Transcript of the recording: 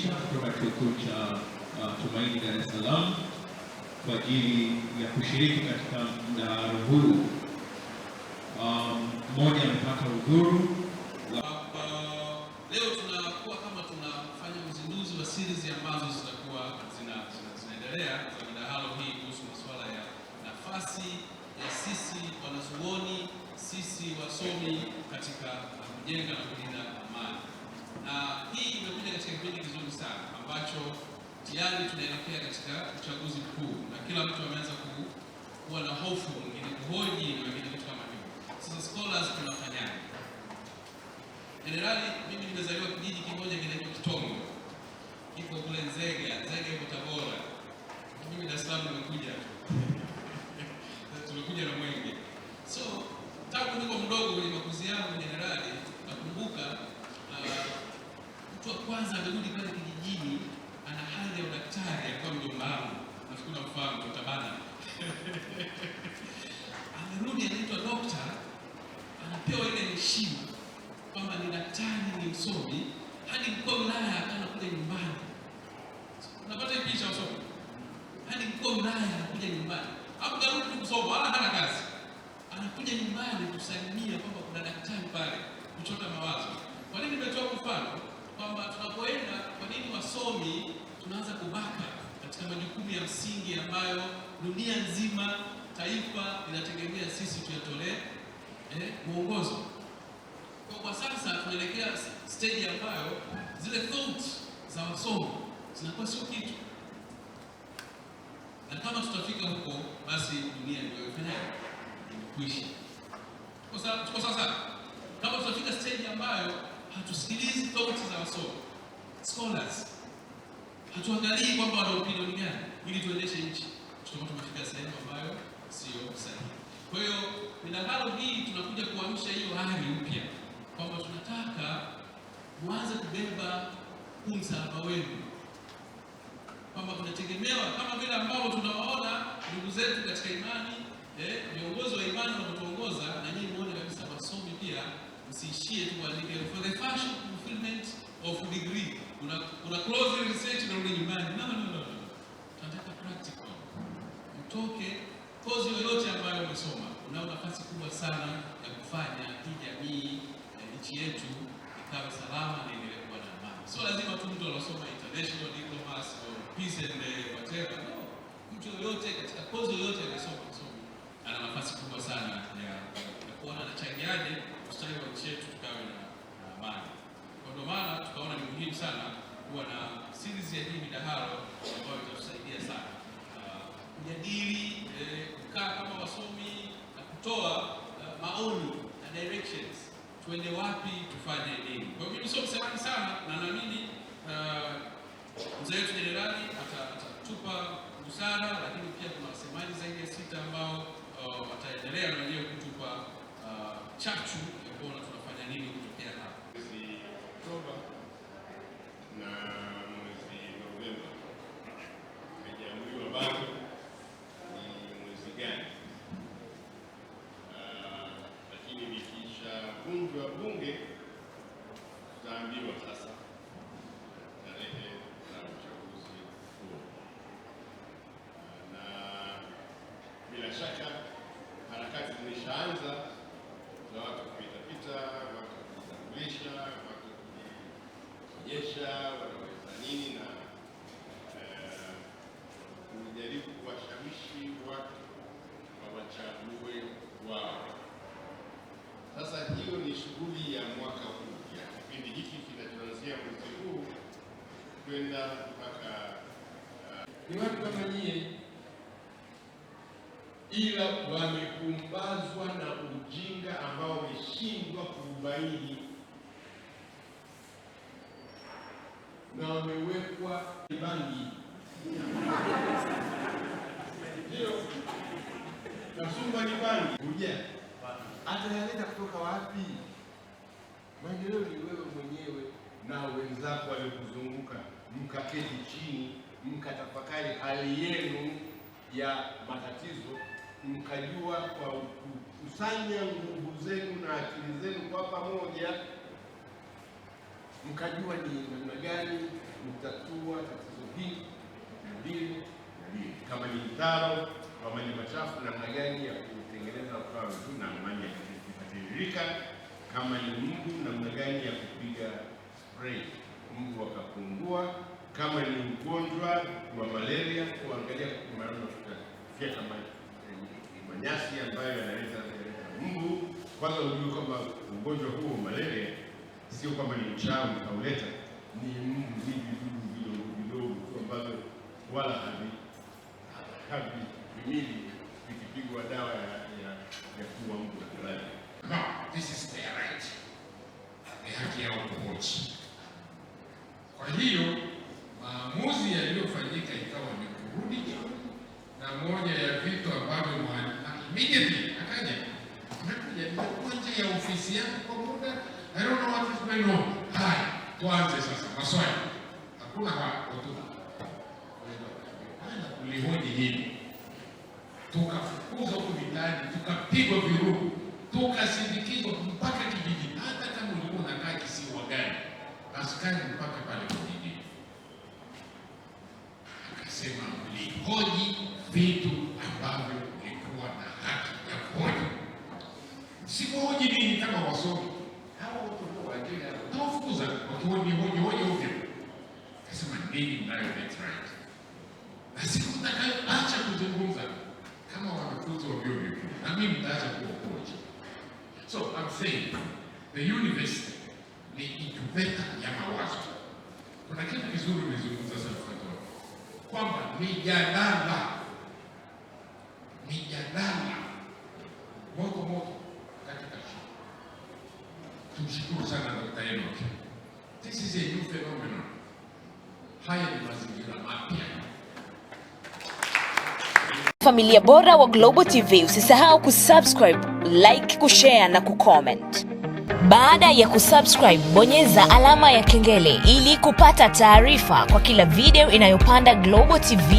kujiandikisha kutoka chuo kikuu cha uh, Tumaini Dar es Salaam kwa ajili ya kushiriki katika mdahalo huu. Um, mmoja um, amepata udhuru la... leo tunakuwa kama tunafanya uzinduzi wa series ambazo zitakuwa zinaendelea kwa midahalo hii kuhusu masuala ya nafasi ya sisi wanazuoni, sisi wasomi katika kujenga na kulinda kipindi kizuri sana ambacho tayari tunaelekea katika uchaguzi mkuu na kila mtu unafahamu, nafikiri unafahamu utabana amerudi anaitwa dokta, anapewa ile heshima kwamba ni daktari, ni msomi, hadi mkuu wa wilaya akana nyumbani. Unapata hii picha usoma, hadi mkuu wa wilaya anakuja nyumbani, hapo karudi kusoma, wala hana kazi, anakuja nyumbani kusalimia kwamba kuna daktari pale, kuchota mawazo. Kwa nini nimetoa mfano kwamba tunapoenda, kwa nini wasomi tunaanza kubaka katika majukumu ya msingi ambayo dunia nzima taifa linategemea sisi tuyatolee eh, mwongozo. Kwa, kwa sasa tunaelekea stage ambayo zile thought za masomo zinakuwa sio kitu, na kama tutafika huko, basi dunia ndio ifanya imekwisha. Kwa sasa kama tutafika stage ambayo hatusikilizi thought za masomo scholars hatuangalii kwamba wana upinzani gani, ili tuendeshe nchi, tutakuwa tumefika sehemu ambayo sio sahihi. Kwa hiyo midahalo hii tunakuja kuamsha hiyo hali mpya kwamba tunataka mwanze kubeba huu msalaba wenu, kwamba kunategemewa kama vile ambao tunawaona ndugu zetu katika imani eh, viongozi eh, wa imani wanapotuongoza, na nyinyi muone kabisa, wasomi pia msiishie tu kuandika for the fashion fulfillment of degree kuna kuna close research na rudi nyumbani. No no no. Tunataka practical. Mtoke kozi yoyote ambayo umesoma. Unao nafasi kubwa sana ya kufanya hii jamii ya nchi yetu ikawe salama na iendelee kuwa na amani. so lazima tu mtu alosoma international diplomacy or peace and eh, whatever. No. Mtu yoyote katika kozi yoyote amesoma somo ana nafasi kubwa sana ya maoni na directions, tuende wapi, tufanye nini. Kwa hiyo mimi sio msemaji sana, na naamini uh, mzee wetu jenerali atatupa busara, lakini pia kuna wasemaji zaidi ya sita ambao Mheshimiwa Mbunge, tutaambiwa sasa tarehe za uchaguzi huo, na bila shaka harakati zimeshaanza za watu kupitapita, watu kujitambulisha, watu kujionyesha wanaweza nini na eh, kujaribu kuwashawishi watu wawachague wao. Sasa hiyo ni shughuli ya mwaka huu ya kipindi hiki kinachoanzia mwezi huu kwenda mpaka uh, ni watu kama nyie, ila wamekumbazwa na ujinga ambao wameshindwa kuubaini na wamewekwa bangi ndio kasumba ni bangi atayaleta kutoka wapi? Maendeleo ni wewe mwenyewe na wenzako waliokuzunguka, mkaketi chini, mkatafakari hali yenu ya matatizo, mkajua kwa kukusanya nguvu zenu na akili zenu kwa pamoja, mkajua ni namna gani mtatua tatizo hili na lile na lile, kama ni mtaro, kama ni machafu, namna gani ya kutengeneza kwa mtu na amani ya Kristo ikatiririka kama ni mbu, namna gani ya kupiga spray mbu wakapungua. Kama ni ugonjwa wa malaria, kuangalia tutafia kama manyasi ambayo yanaweza kuleta mbu. Kwanza ujue kwamba ugonjwa huo malaria sio kwamba ni mchawi kauleta, ni mbu, ni vidudu vidogo vidogo tu ambavyo wala havi havi vimili vikipigwa dawa ya haki yao kuhoji. Kwa hiyo maamuzi yaliyofanyika ikawa ni kurudi nyuma, na moja ya vitu ambavyo immediately akaja nimekuwa nje ya ofisi yako kwa muda, I don't know what is going on. Haya, tuanze sasa maswali. Hakuna hotuba, kulihoji hili, tukafukuzwa huku mitaani, tukapigwa virugu Simuhoji nini kama wasomi hawa watu wa ajili yao tawafukuza, wakihoji hoji hoji Kasema nini mnayo get right, na siku mtakayoacha kuzungumza kama wanafunzi wa vyuo vikuu, na mimi mtaacha kuwa koji. So I'm saying the university ni incubator ya mawazo. Kuna kitu kizuri umezungumza sana kwamba mijadala sana This is a new phenomenon. Haya ni mazingira mapya. Familia bora wa Global TV, usisahau kusubscribe, like, kushare na kucomment. Baada ya kusubscribe, bonyeza alama ya kengele ili kupata taarifa kwa kila video inayopanda Global TV.